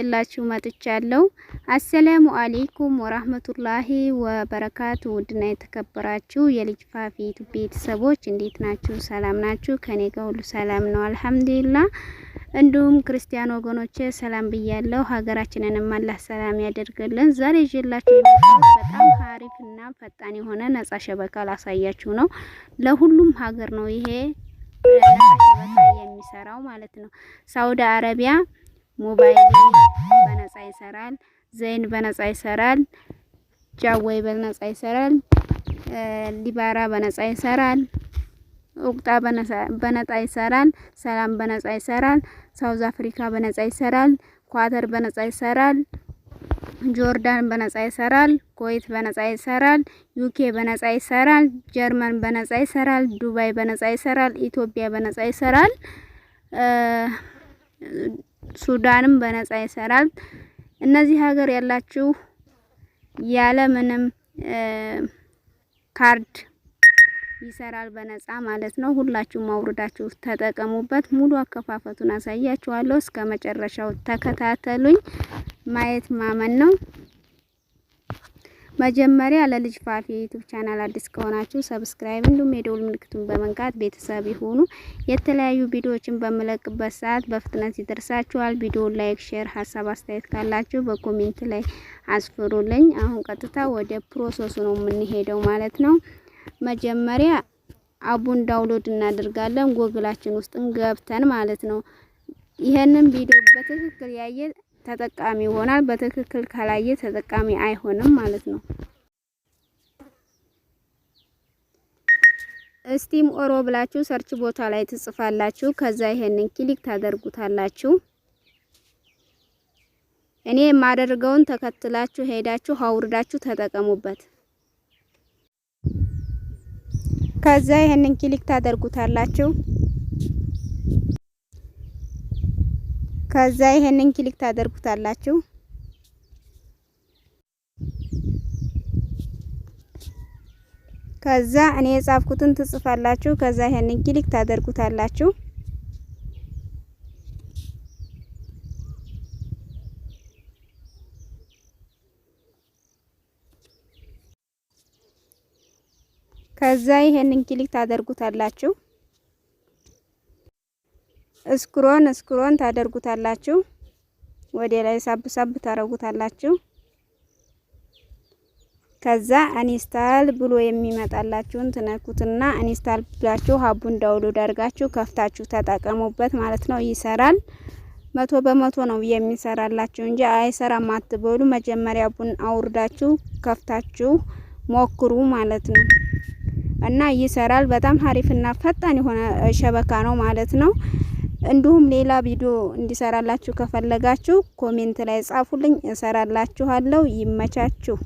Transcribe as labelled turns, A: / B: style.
A: የላችሁ መጥቻለሁ። አሰላሙ አሌይኩም ወራህመቱላሂ ወበረካቱ። ውድና የተከበራችሁ የልጅ ፋፊ ቤተሰቦች እንዴት ናችሁ? ሰላም ናችሁ? ከኔ ጋር ሁሉ ሰላም ነው አልሐምዱሊላ። እንዲሁም ክርስቲያን ወገኖቼ ሰላም ብያለሁ። ሀገራችንንም አላህ ሰላም ያደርግልን። ዛሬ ይዤላችሁ በጣም አሪፍና ፈጣን የሆነ ነጻ ሸበካ ላሳያችሁ ነው። ለሁሉም ሀገር ነው ይሄ ነጻ ሸበካ የሚሰራው ማለት ነው። ሳውዲ አረቢያ ሞባይል በነጻ ይሰራል። ዘይን በነጻ ይሰራል። ጃዋይ በነጻ ይሰራል። ሊባራ በነጻ ይሰራል። ኡቅጣ በነጻ ይሰራል። ሰላም በነጻ ይሰራል። ሳውዝ አፍሪካ በነጻ ይሰራል። ኳተር በነጻ ይሰራል። ጆርዳን በነጻ ይሰራል። ኩዌት በነጻ ይሰራል። ዩኬ በነጻ ይሰራል። ጀርመን በነጻ ይሰራል። ዱባይ በነጻ ይሰራል። ኢትዮጵያ በነጻ ይሰራል። ሱዳንም በነጻ ይሰራል። እነዚህ ሀገር ያላችሁ ያለ ምንም ካርድ ይሰራል በነጻ ማለት ነው። ሁላችሁም አውርዳችሁ ተጠቀሙበት። ሙሉ አከፋፈቱን አሳያችኋለሁ። እስከ መጨረሻው ተከታተሉኝ። ማየት ማመን ነው። መጀመሪያ ለልጅ ፋፊ ዩቲዩብ ቻናል አዲስ ከሆናችሁ ሰብስክራይብ እንዲሁም የደውል ምልክቱን በመንካት ቤተሰብ ይሁኑ። የተለያዩ ቪዲዮዎችን በምለቅበት ሰዓት በፍጥነት ይደርሳችኋል። ቪዲዮ ላይክ፣ ሼር፣ ሀሳብ አስተያየት ካላችሁ በኮሜንት ላይ አስፍሩልኝ። አሁን ቀጥታ ወደ ፕሮሰሱ ነው የምንሄደው ማለት ነው። መጀመሪያ አቡን ዳውንሎድ እናደርጋለን። ጎግላችን ውስጥ ገብተን ማለት ነው። ይሄንን ቪዲዮ በትክክል ያየ ተጠቃሚ ይሆናል። በትክክል ካላየ ተጠቃሚ አይሆንም ማለት ነው። እስቲም ኦሮ ብላችሁ ሰርች ቦታ ላይ ትጽፋላችሁ። ከዛ ይሄንን ክሊክ ታደርጉታላችሁ። እኔ የማደርገውን ተከትላችሁ ሄዳችሁ አውርዳችሁ ተጠቀሙበት። ከዛ ይሄንን ክሊክ ታደርጉታላችሁ። ከዛ ይሄንን ክሊክ ታደርጉታላችሁ። ከዛ እኔ የጻፍኩትን ትጽፋላችሁ። ከዛ ይሄንን ክሊክ ታደርጉታላችሁ። ከዛ ይሄንን ክሊክ ታደርጉታላችሁ። እስክሮን እስክሮን ታደርጉታላችሁ። ወደ ላይ ሳብ ሳብ ታረጉታላችሁ። ከዛ አንስታል ብሎ የሚመጣላችሁን ትነኩትና አንስታል ብላችሁ ሀቡን ዳውንሎድ አድርጋችሁ ከፍታችሁ ተጠቀሙበት ማለት ነው። ይሰራል። መቶ በመቶ ነው የሚሰራላችሁ እንጂ አይሰራም አትበሉ። መጀመሪያ ቡን አውርዳችሁ ከፍታችሁ ሞክሩ ማለት ነው እና ይሰራል። በጣም ሀሪፍና ፈጣን የሆነ ሸበካ ነው ማለት ነው። እንዲሁም ሌላ ቪዲዮ እንዲሰራላችሁ ከፈለጋችሁ ኮሜንት ላይ ጻፉልኝ፣ እሰራላችኋለሁ። ይመቻችሁ።